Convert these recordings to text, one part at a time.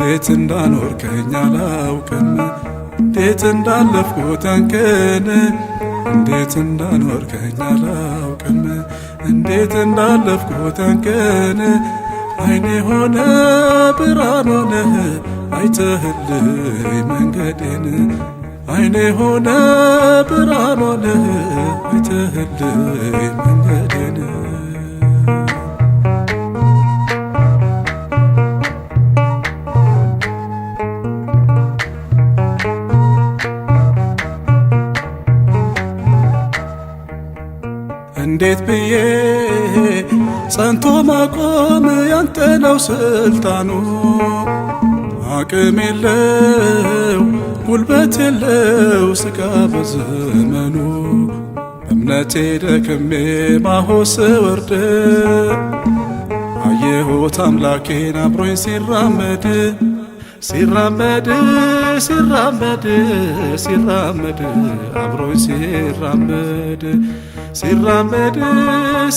እንዴት እንዳኖርከኝ አላውቅም፣ እንዴት እንዳለፍኩት አንቀን፣ እንዴት እንዳኖርከኝ አላውቅም፣ እንዴት እንዳለፍኩት አንቀን። አይኔ ሆነ ብርሃን ሆነ አይተህልኝ መንገዴን፣ አይኔ ሆነ ብርሃን ሆነ አይተህልኝ መንገዴን እንዴት ብዬ ጸንቶ ማቆም ያንተ ነው ስልጣኑ። አቅም የለው ጉልበት የለው ሥጋ በዘመኑ እምነቴ ደክሜ ማሆስ ወርድ አየሁት አምላኬን አብሮኝ ሲራመድ ሲራመድ ሲራመድ ሲራመድ አብሮኝ ሲራመድ ሲራመድ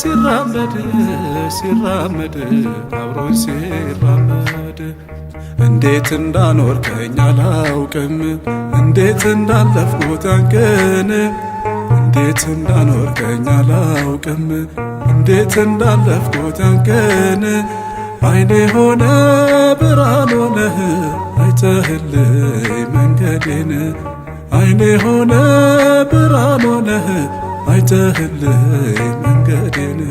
ሲራመድ ሲራመድ አብሮኝ ሲራመድ እንዴት እንዳኖርከኝ አላውቅም እንዴት እንዳለፍኩት አንቅን እንዴት እንዳኖርከኝ አላውቅም እንዴት እንዳለፍኩት አንቅን አይኔ ሆነ ብርሃን ሆነህ አይተህልኝ መንገዴን አይኔ ሆነ ብርሃን ሆነህ አይተህልኝ መንገዴን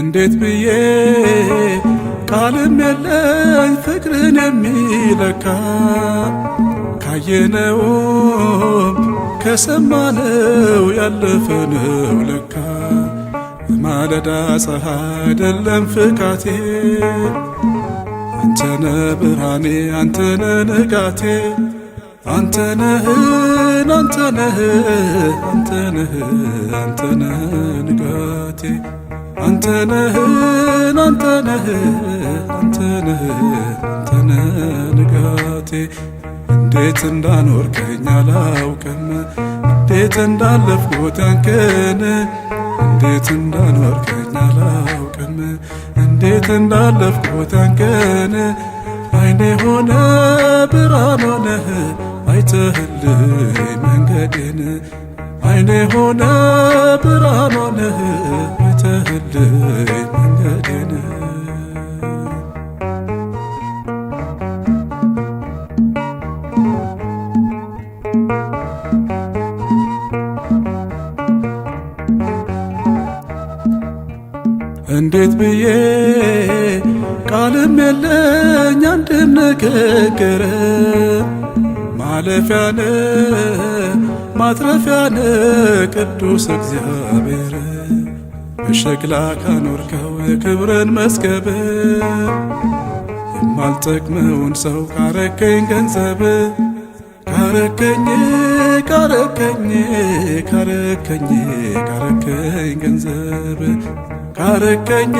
እንዴት ብዬ ቃልም የለኝ ፍቅርን የሚለካ ካየነውም ከሰማነው ያለፈነው ለካ በማለዳ ፀሐይ አይደለም ፍካቴ አንተነ ብርሃኔ አንተነ ንጋቴ አንተነህን አንተነህ አንተነህ አንተነ ንጋቴ አንተ ነህ አንተ ነህ አንተ ነህ አንተ ነህ ንጋቴ እንዴት እንዳኖርከኝ አላውቅም እንዴት እንዳለፍኩት ያንከን እንዴት እንዳኖርከኝ አላውቅም እንዴት እንዳለፍኩት ያንከን አይኔ ሆነ ብርሃን ሆነህ አይተህልኝ መንገዴን አይኔ ሆነ ብርሃን ሆነህ አንተህልኝ መንገዴን እንዴት ብዬ ቃልም የለኝ አንድም ንግግር ማለፊያነ ማትረፊያነ ቅዱስ እግዚአብሔር በሸክላ ካኖርከው ክብረን መስገብ የማልጠቅመውን ሰው ካረከኝ ገንዘብ ካረከኝ ካረከኝ ካረከኝ ካረከኝ ገንዘብ ካረከኝ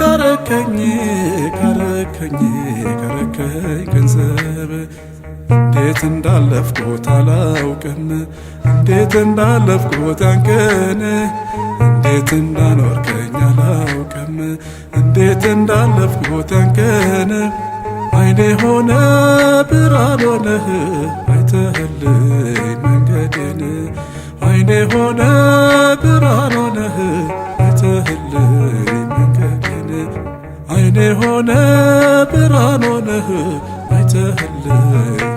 ካረከኝ ካረከኝ ካረከኝ ገንዘብ እንዴት እንዳለፍኩት አላውቅም እንዴት እንዳለፍኩት ያንቀን እንዴት እንዳኖርከኝ አላውቅም እንዴት እንዳለፍኩት ያንቀን አይኔ ሆነ ብርሃን ሆነህ አይተህልኝ መንገዴን አይኔ ሆነ ብርሃን ሆነህ አይተህልኝ መንገዴን አይኔ ሆነ ብርሃን ሆነህ አይተህልኝ